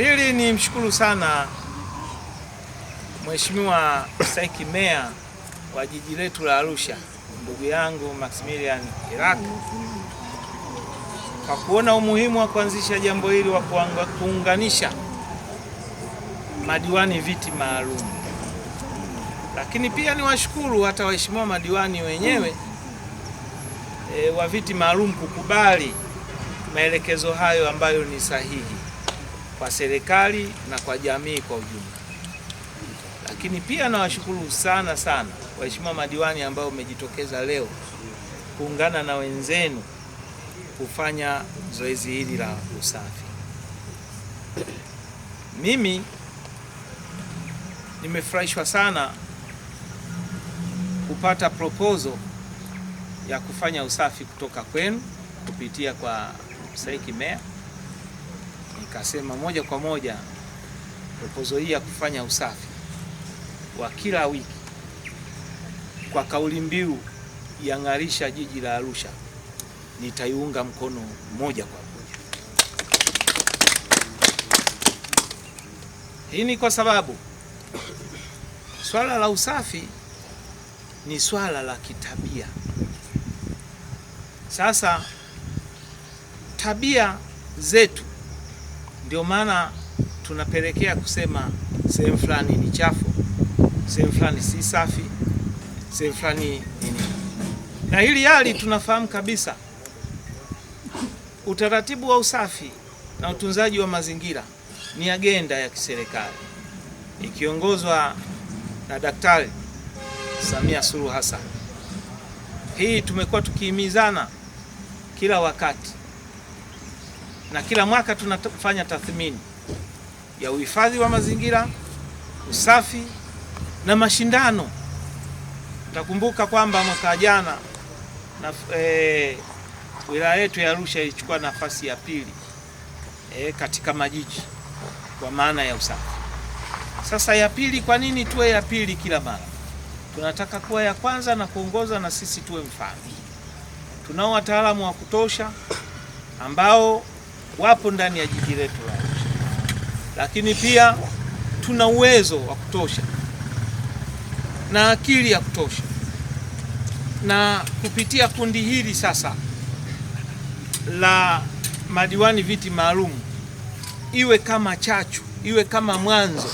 Pili ni mshukuru sana Mheshimiwa Saiki Meya wa jiji letu la Arusha, ndugu yangu Maximilian Irak, kwa kuona umuhimu wa kuanzisha jambo hili wa kuunganisha madiwani viti maalum. Lakini pia ni washukuru hata waheshimiwa madiwani wenyewe e, wa viti maalum kukubali maelekezo hayo ambayo ni sahihi kwa serikali na kwa jamii kwa ujumla. Lakini pia nawashukuru sana sana waheshimiwa madiwani ambao umejitokeza leo kuungana na wenzenu kufanya zoezi hili la usafi. Mimi nimefurahishwa sana kupata proposal ya kufanya usafi kutoka kwenu kupitia kwa saiki Mayor nikasema moja kwa moja propozo hii ya kufanya usafi wa kila wiki kwa kauli mbiu yangarisha jiji la Arusha nitaiunga mkono moja kwa moja. Hii ni kwa sababu swala la usafi ni swala la kitabia. Sasa tabia zetu ndio maana tunapelekea kusema sehemu fulani ni chafu, sehemu fulani si safi, sehemu fulani nini. Na hili hali tunafahamu kabisa, utaratibu wa usafi na utunzaji wa mazingira ni agenda ya kiserikali ikiongozwa na Daktari Samia Suluhu Hassan. Hii tumekuwa tukihimizana kila wakati na kila mwaka tunafanya tathmini ya uhifadhi wa mazingira, usafi na mashindano. utakumbuka kwamba mwaka jana na e, wilaya yetu ya Arusha ilichukua nafasi ya pili e, katika majiji kwa maana ya usafi. Sasa ya pili, kwa nini tuwe ya pili kila mara? Tunataka kuwa ya kwanza na kuongoza, na sisi tuwe mfano. Tunao wataalamu wa kutosha ambao wapo ndani ya jiji letu la Arusha, lakini pia tuna uwezo wa kutosha na akili ya kutosha, na kupitia kundi hili sasa la madiwani viti maalum iwe kama chachu, iwe kama mwanzo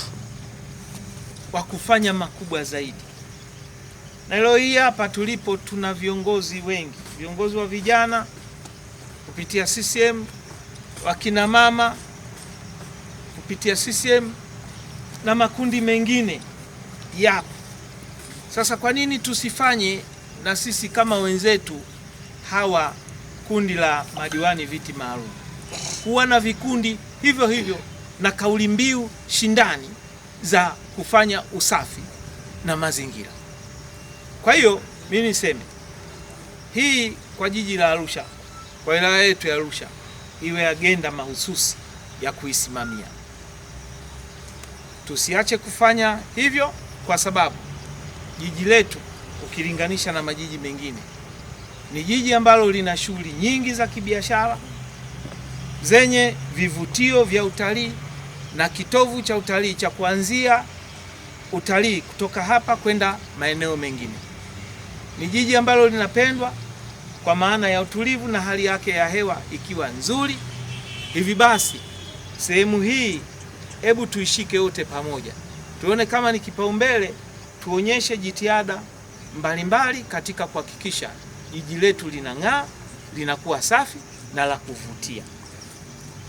wa kufanya makubwa zaidi. Na leo hii hapa tulipo, tuna viongozi wengi, viongozi wa vijana kupitia CCM wakina mama kupitia CCM na makundi mengine yapo. Sasa kwa nini tusifanye na sisi kama wenzetu hawa kundi la madiwani viti maalum, kuwa na vikundi hivyo hivyo na kauli mbiu shindani za kufanya usafi na mazingira. Kwa hiyo mimi niseme hii kwa jiji la Arusha, kwa wilaya yetu ya Arusha iwe agenda mahususi ya kuisimamia. Tusiache kufanya hivyo, kwa sababu jiji letu ukilinganisha na majiji mengine ni jiji ambalo lina shughuli nyingi za kibiashara zenye vivutio vya utalii na kitovu cha utalii cha kuanzia utalii kutoka hapa kwenda maeneo mengine. Ni jiji ambalo linapendwa kwa maana ya utulivu na hali yake ya hewa ikiwa nzuri. Hivi basi sehemu hii hebu tuishike wote pamoja, tuone kama ni kipaumbele, tuonyeshe jitihada mbalimbali katika kuhakikisha jiji letu linang'aa, linakuwa safi na la kuvutia.